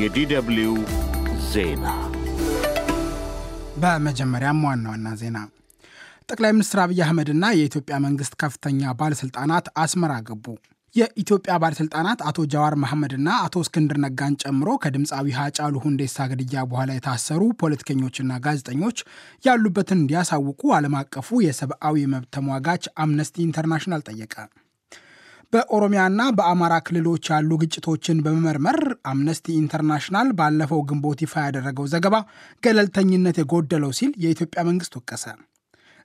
የዲደብልዩ ዜና በመጀመሪያም ዋና ዋና ዜና ጠቅላይ ሚኒስትር አብይ አህመድና የኢትዮጵያ መንግስት ከፍተኛ ባለሥልጣናት አስመራ ገቡ። የኢትዮጵያ ባለሥልጣናት አቶ ጃዋር መሐመድና አቶ እስክንድር ነጋን ጨምሮ ከድምፃዊ ሀጫሉ ሁንዴሳ ግድያ በኋላ የታሰሩ ፖለቲከኞችና ጋዜጠኞች ያሉበትን እንዲያሳውቁ ዓለም አቀፉ የሰብአዊ መብት ተሟጋች አምነስቲ ኢንተርናሽናል ጠየቀ። በኦሮሚያና በአማራ ክልሎች ያሉ ግጭቶችን በመመርመር አምነስቲ ኢንተርናሽናል ባለፈው ግንቦት ይፋ ያደረገው ዘገባ ገለልተኝነት የጎደለው ሲል የኢትዮጵያ መንግስት ወቀሰ።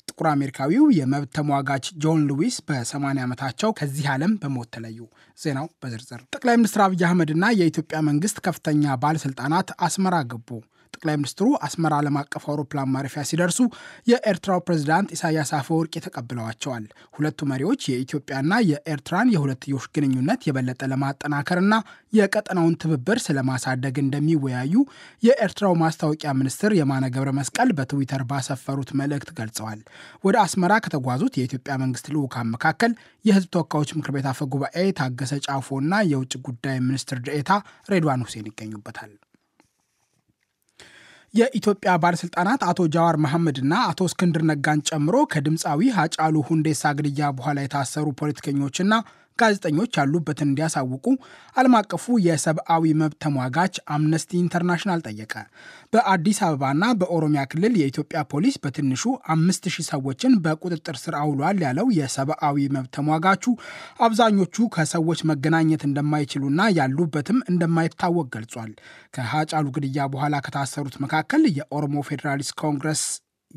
ጥቁር አሜሪካዊው የመብት ተሟጋች ጆን ሉዊስ በ80 ዓመታቸው ከዚህ ዓለም በሞት ተለዩ። ዜናው በዝርዝር። ጠቅላይ ሚኒስትር አብይ አህመድና የኢትዮጵያ መንግስት ከፍተኛ ባለስልጣናት አስመራ ገቡ። ጠቅላይ ሚኒስትሩ አስመራ ዓለም አቀፍ አውሮፕላን ማረፊያ ሲደርሱ የኤርትራው ፕሬዝዳንት ኢሳያስ አፈወርቅ ተቀብለዋቸዋል። ሁለቱ መሪዎች የኢትዮጵያና የኤርትራን የሁለትዮሽ ግንኙነት የበለጠ ለማጠናከርና የቀጠናውን ትብብር ስለማሳደግ እንደሚወያዩ የኤርትራው ማስታወቂያ ሚኒስትር የማነ ገብረ መስቀል በትዊተር ባሰፈሩት መልእክት ገልጸዋል። ወደ አስመራ ከተጓዙት የኢትዮጵያ መንግስት ልዑካን መካከል የህዝብ ተወካዮች ምክር ቤት አፈ ጉባኤ ታገሰ ጫፎና የውጭ ጉዳይ ሚኒስትር ደኤታ ሬድዋን ሁሴን ይገኙበታል። የኢትዮጵያ ባለስልጣናት አቶ ጃዋር መሐመድና አቶ እስክንድር ነጋን ጨምሮ ከድምፃዊ ሀጫሉ ሁንዴሳ ግድያ በኋላ የታሰሩ ፖለቲከኞችና ጋዜጠኞች ያሉበትን እንዲያሳውቁ ዓለም አቀፉ የሰብአዊ መብት ተሟጋች አምነስቲ ኢንተርናሽናል ጠየቀ። በአዲስ አበባና በኦሮሚያ ክልል የኢትዮጵያ ፖሊስ በትንሹ አምስት ሺህ ሰዎችን በቁጥጥር ስር አውሏል ያለው የሰብአዊ መብት ተሟጋቹ አብዛኞቹ ከሰዎች መገናኘት እንደማይችሉና ያሉበትም እንደማይታወቅ ገልጿል። ከሀጫሉ ግድያ በኋላ ከታሰሩት መካከል የኦሮሞ ፌዴራሊስት ኮንግረስ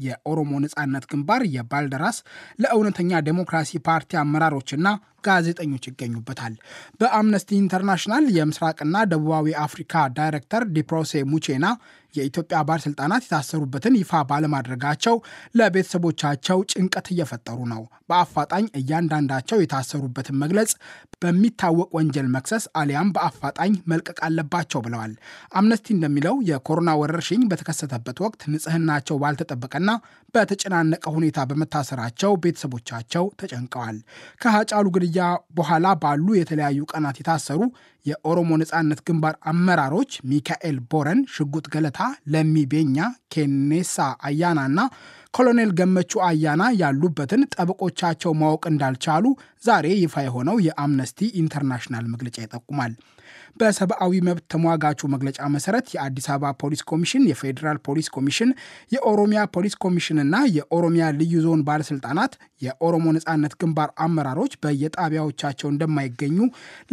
የኦሮሞ ነጻነት ግንባር፣ የባልደራስ ለእውነተኛ ዴሞክራሲ ፓርቲ አመራሮችና ጋዜጠኞች ይገኙበታል። በአምነስቲ ኢንተርናሽናል የምስራቅና ደቡባዊ አፍሪካ ዳይሬክተር ዲፕሮሴ ሙቼና የኢትዮጵያ ባለስልጣናት የታሰሩበትን ይፋ ባለማድረጋቸው ለቤተሰቦቻቸው ጭንቀት እየፈጠሩ ነው። በአፋጣኝ እያንዳንዳቸው የታሰሩበትን መግለጽ፣ በሚታወቅ ወንጀል መክሰስ አሊያም በአፋጣኝ መልቀቅ አለባቸው ብለዋል። አምነስቲ እንደሚለው የኮሮና ወረርሽኝ በተከሰተበት ወቅት ንጽህናቸው ባልተጠበቀና በተጨናነቀ ሁኔታ በመታሰራቸው ቤተሰቦቻቸው ተጨንቀዋል። ከሀጫሉ ግድያ በኋላ ባሉ የተለያዩ ቀናት የታሰሩ የኦሮሞ ነጻነት ግንባር አመራሮች ሚካኤል ቦረን፣ ሽጉጥ ገለታ፣ ለሚ ቤኛ፣ ኬኔሳ አያና እና ኮሎኔል ገመቹ አያና ያሉበትን ጠበቆቻቸው ማወቅ እንዳልቻሉ ዛሬ ይፋ የሆነው የአምነስቲ ኢንተርናሽናል መግለጫ ይጠቁማል። በሰብአዊ መብት ተሟጋቹ መግለጫ መሰረት የአዲስ አበባ ፖሊስ ኮሚሽን፣ የፌዴራል ፖሊስ ኮሚሽን፣ የኦሮሚያ ፖሊስ ኮሚሽንና የኦሮሚያ ልዩ ዞን ባለስልጣናት የኦሮሞ ነጻነት ግንባር አመራሮች በየጣቢያዎቻቸው እንደማይገኙ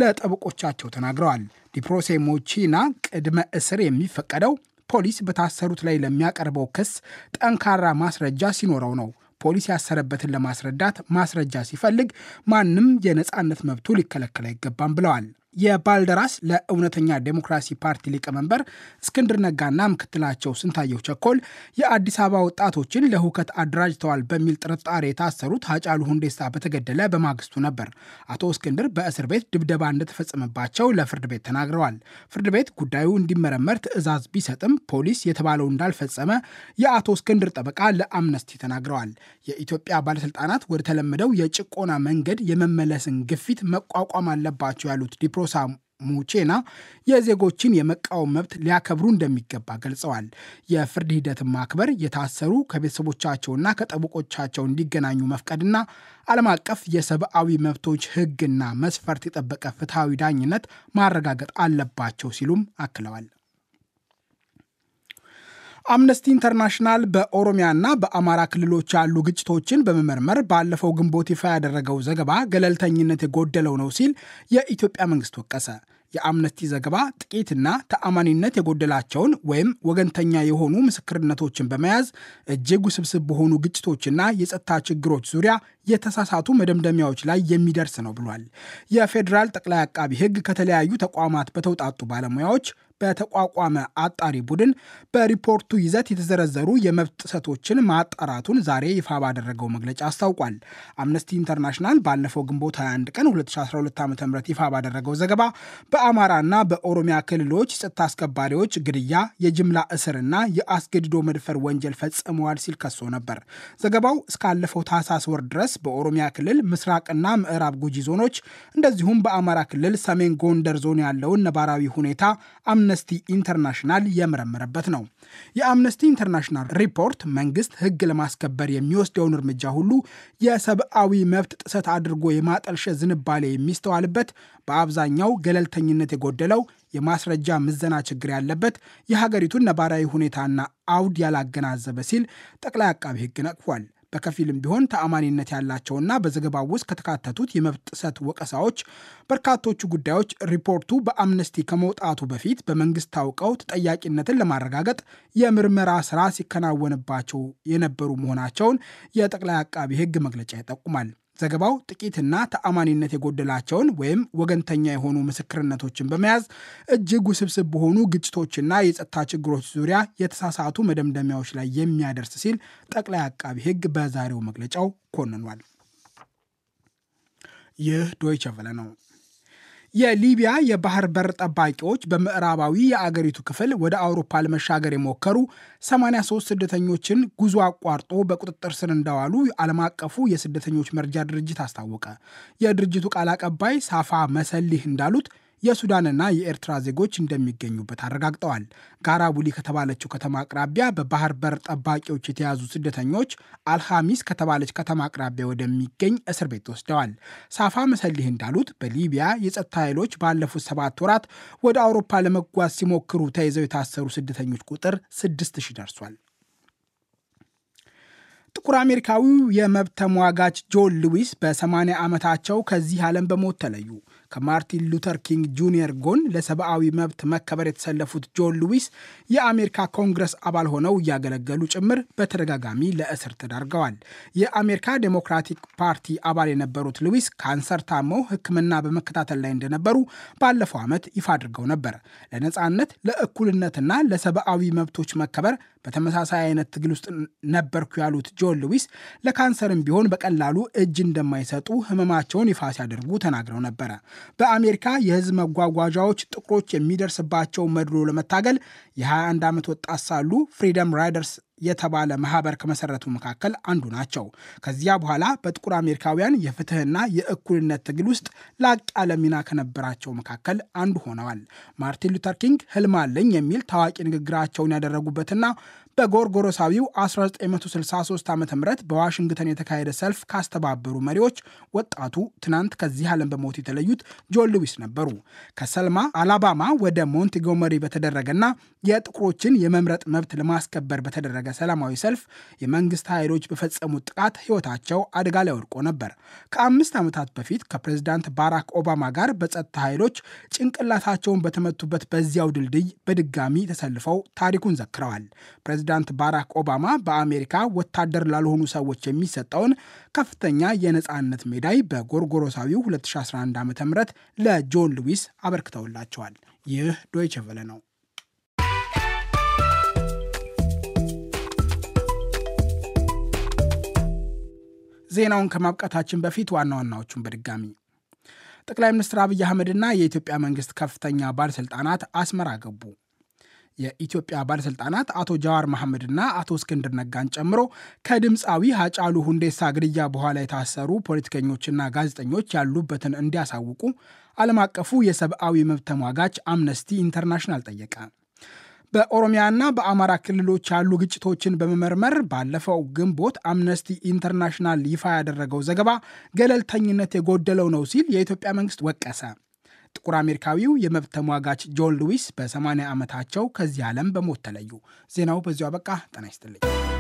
ለጠበቆቻቸው ተናግረዋል። ዲፕሮሴ ሞቺና ቅድመ እስር የሚፈቀደው ፖሊስ በታሰሩት ላይ ለሚያቀርበው ክስ ጠንካራ ማስረጃ ሲኖረው ነው። ፖሊስ ያሰረበትን ለማስረዳት ማስረጃ ሲፈልግ ማንም የነጻነት መብቱ ሊከለከል አይገባም ብለዋል። የባልደራስ ለእውነተኛ ዴሞክራሲ ፓርቲ ሊቀመንበር እስክንድር ነጋና ምክትላቸው ስንታየው ቸኮል የአዲስ አበባ ወጣቶችን ለሁከት አደራጅተዋል በሚል ጥርጣሬ የታሰሩት ሀጫሉ ሁንዴሳ በተገደለ በማግስቱ ነበር። አቶ እስክንድር በእስር ቤት ድብደባ እንደተፈጸመባቸው ለፍርድ ቤት ተናግረዋል። ፍርድ ቤት ጉዳዩ እንዲመረመር ትዕዛዝ ቢሰጥም ፖሊስ የተባለው እንዳልፈጸመ የአቶ እስክንድር ጠበቃ ለአምነስቲ ተናግረዋል። የኢትዮጵያ ባለስልጣናት ወደ ተለመደው የጭቆና መንገድ የመመለስን ግፊት መቋቋም አለባቸው ያሉት ዲፕ ሮሳ ሙቼና የዜጎችን የመቃወም መብት ሊያከብሩ እንደሚገባ ገልጸዋል። የፍርድ ሂደትን ማክበር፣ የታሰሩ ከቤተሰቦቻቸውና ከጠበቆቻቸው እንዲገናኙ መፍቀድና ዓለም አቀፍ የሰብአዊ መብቶች ሕግና መስፈርት የጠበቀ ፍትሐዊ ዳኝነት ማረጋገጥ አለባቸው ሲሉም አክለዋል። አምነስቲ ኢንተርናሽናል በኦሮሚያና በአማራ ክልሎች ያሉ ግጭቶችን በመመርመር ባለፈው ግንቦት ይፋ ያደረገው ዘገባ ገለልተኝነት የጎደለው ነው ሲል የኢትዮጵያ መንግስት ወቀሰ። የአምነስቲ ዘገባ ጥቂትና ተአማኒነት የጎደላቸውን ወይም ወገንተኛ የሆኑ ምስክርነቶችን በመያዝ እጅግ ውስብስብ በሆኑ ግጭቶችና የጸጥታ ችግሮች ዙሪያ የተሳሳቱ መደምደሚያዎች ላይ የሚደርስ ነው ብሏል። የፌዴራል ጠቅላይ አቃቢ ሕግ ከተለያዩ ተቋማት በተውጣጡ ባለሙያዎች በተቋቋመ አጣሪ ቡድን በሪፖርቱ ይዘት የተዘረዘሩ የመብት ጥሰቶችን ማጣራቱን ዛሬ ይፋ ባደረገው መግለጫ አስታውቋል። አምነስቲ ኢንተርናሽናል ባለፈው ግንቦት 21 ቀን 2012 ዓ ም ይፋ ባደረገው ዘገባ በአማራና በኦሮሚያ ክልሎች ጸጥታ አስከባሪዎች ግድያ፣ የጅምላ እስርና የአስገድዶ መድፈር ወንጀል ፈጽመዋል ሲል ከሶ ነበር። ዘገባው እስካለፈው ታህሳስ ወር ድረስ በኦሮሚያ ክልል ምስራቅና ምዕራብ ጉጂ ዞኖች እንደዚሁም በአማራ ክልል ሰሜን ጎንደር ዞን ያለውን ነባራዊ ሁኔታ አምነ አምነስቲ ኢንተርናሽናል የመረመረበት ነው። የአምነስቲ ኢንተርናሽናል ሪፖርት መንግስት ህግ ለማስከበር የሚወስደውን እርምጃ ሁሉ የሰብአዊ መብት ጥሰት አድርጎ የማጠልሸ ዝንባሌ የሚስተዋልበት በአብዛኛው ገለልተኝነት የጎደለው የማስረጃ ምዘና ችግር ያለበት የሀገሪቱን ነባራዊ ሁኔታና አውድ ያላገናዘበ ሲል ጠቅላይ አቃቢ ህግ ነቅፏል። በከፊልም ቢሆን ተአማኒነት ያላቸውና በዘገባው ውስጥ ከተካተቱት የመብት ጥሰት ወቀሳዎች በርካቶቹ ጉዳዮች ሪፖርቱ በአምነስቲ ከመውጣቱ በፊት በመንግስት ታውቀው ተጠያቂነትን ለማረጋገጥ የምርመራ ስራ ሲከናወንባቸው የነበሩ መሆናቸውን የጠቅላይ አቃቢ ህግ መግለጫ ይጠቁማል። ዘገባው ጥቂትና ተአማኒነት የጎደላቸውን ወይም ወገንተኛ የሆኑ ምስክርነቶችን በመያዝ እጅግ ውስብስብ በሆኑ ግጭቶችና የጸጥታ ችግሮች ዙሪያ የተሳሳቱ መደምደሚያዎች ላይ የሚያደርስ ሲል ጠቅላይ አቃቢ ሕግ በዛሬው መግለጫው ኮንኗል። ይህ ዶይቸ ቨለ ነው። የሊቢያ የባህር በር ጠባቂዎች በምዕራባዊ የአገሪቱ ክፍል ወደ አውሮፓ ለመሻገር የሞከሩ 83 ስደተኞችን ጉዞ አቋርጦ በቁጥጥር ስር እንዳዋሉ ዓለም አቀፉ የስደተኞች መርጃ ድርጅት አስታወቀ። የድርጅቱ ቃል አቀባይ ሳፋ መሰሊህ እንዳሉት የሱዳንና የኤርትራ ዜጎች እንደሚገኙበት አረጋግጠዋል። ቡሊ ከተባለችው ከተማ አቅራቢያ በባህር በር ጠባቂዎች የተያዙ ስደተኞች አልሐሚስ ከተባለች ከተማ አቅራቢያ ወደሚገኝ እስር ቤት ወስደዋል። ሳፋ መሰሊህ እንዳሉት በሊቢያ የጸጥታ ኃይሎች ባለፉት ሰባት ወራት ወደ አውሮፓ ለመጓዝ ሲሞክሩ ተይዘው የታሰሩ ስደተኞች ቁጥር ስድስት ሺህ ደርሷል። ጥቁር አሜሪካዊው የመብት ተሟጋች ጆን ሉዊስ በ80 ዓመታቸው ከዚህ ዓለም በሞት ተለዩ። ከማርቲን ሉተር ኪንግ ጁኒየር ጎን ለሰብአዊ መብት መከበር የተሰለፉት ጆን ሉዊስ የአሜሪካ ኮንግረስ አባል ሆነው እያገለገሉ ጭምር በተደጋጋሚ ለእስር ተዳርገዋል። የአሜሪካ ዴሞክራቲክ ፓርቲ አባል የነበሩት ሉዊስ ካንሰር ታመው ሕክምና በመከታተል ላይ እንደነበሩ ባለፈው ዓመት ይፋ አድርገው ነበር። ለነፃነት ለእኩልነትና ለሰብአዊ መብቶች መከበር በተመሳሳይ አይነት ትግል ውስጥ ነበርኩ ያሉት ጆን ሉዊስ ለካንሰርም ቢሆን በቀላሉ እጅ እንደማይሰጡ ህመማቸውን ይፋ ሲያደርጉ ተናግረው ነበረ። በአሜሪካ የህዝብ መጓጓዣዎች ጥቁሮች የሚደርስባቸው መድሎ ለመታገል የ21 ዓመት ወጣት ሳሉ ፍሪደም ራይደርስ የተባለ ማህበር ከመሰረቱ መካከል አንዱ ናቸው። ከዚያ በኋላ በጥቁር አሜሪካውያን የፍትህና የእኩልነት ትግል ውስጥ ላቅ ያለ ሚና ከነበራቸው መካከል አንዱ ሆነዋል። ማርቲን ሉተር ኪንግ ህልም አለኝ የሚል ታዋቂ ንግግራቸውን ያደረጉበትና በጎርጎሮሳዊው 1963 ዓ ም በዋሽንግተን የተካሄደ ሰልፍ ካስተባበሩ መሪዎች ወጣቱ ትናንት ከዚህ ዓለም በሞት የተለዩት ጆን ሉዊስ ነበሩ። ከሰልማ አላባማ ወደ ሞንቲጎመሪ በተደረገና የጥቁሮችን የመምረጥ መብት ለማስከበር በተደረገ ሰላማዊ ሰልፍ የመንግስት ኃይሎች በፈጸሙት ጥቃት ሕይወታቸው አደጋ ላይ ወድቆ ነበር። ከአምስት ዓመታት በፊት ከፕሬዚዳንት ባራክ ኦባማ ጋር በጸጥታ ኃይሎች ጭንቅላታቸውን በተመቱበት በዚያው ድልድይ በድጋሚ ተሰልፈው ታሪኩን ዘክረዋል። ፕሬዚዳንት ባራክ ኦባማ በአሜሪካ ወታደር ላልሆኑ ሰዎች የሚሰጠውን ከፍተኛ የነፃነት ሜዳይ በጎርጎሮሳዊው 2011 ዓ ም ለጆን ሉዊስ አበርክተውላቸዋል። ይህ ዶይቸ ቨለ ነው። ዜናውን ከማብቃታችን በፊት ዋና ዋናዎቹን በድጋሚ ጠቅላይ ሚኒስትር አብይ አህመድና የኢትዮጵያ መንግስት ከፍተኛ ባለሥልጣናት አስመራ ገቡ። የኢትዮጵያ ባለስልጣናት አቶ ጃዋር መሐመድና አቶ እስክንድር ነጋን ጨምሮ ከድምፃዊ ሀጫሉ ሁንዴሳ ግድያ በኋላ የታሰሩ ፖለቲከኞችና ጋዜጠኞች ያሉበትን እንዲያሳውቁ ዓለም አቀፉ የሰብአዊ መብት ተሟጋች አምነስቲ ኢንተርናሽናል ጠየቀ። በኦሮሚያና በአማራ ክልሎች ያሉ ግጭቶችን በመመርመር ባለፈው ግንቦት አምነስቲ ኢንተርናሽናል ይፋ ያደረገው ዘገባ ገለልተኝነት የጎደለው ነው ሲል የኢትዮጵያ መንግስት ወቀሰ። ጥቁር አሜሪካዊው የመብት ተሟጋች ጆን ሉዊስ በ80 ዓመታቸው ከዚህ ዓለም በሞት ተለዩ። ዜናው በዚሁ አበቃ። ጤና ይስጥልኝ።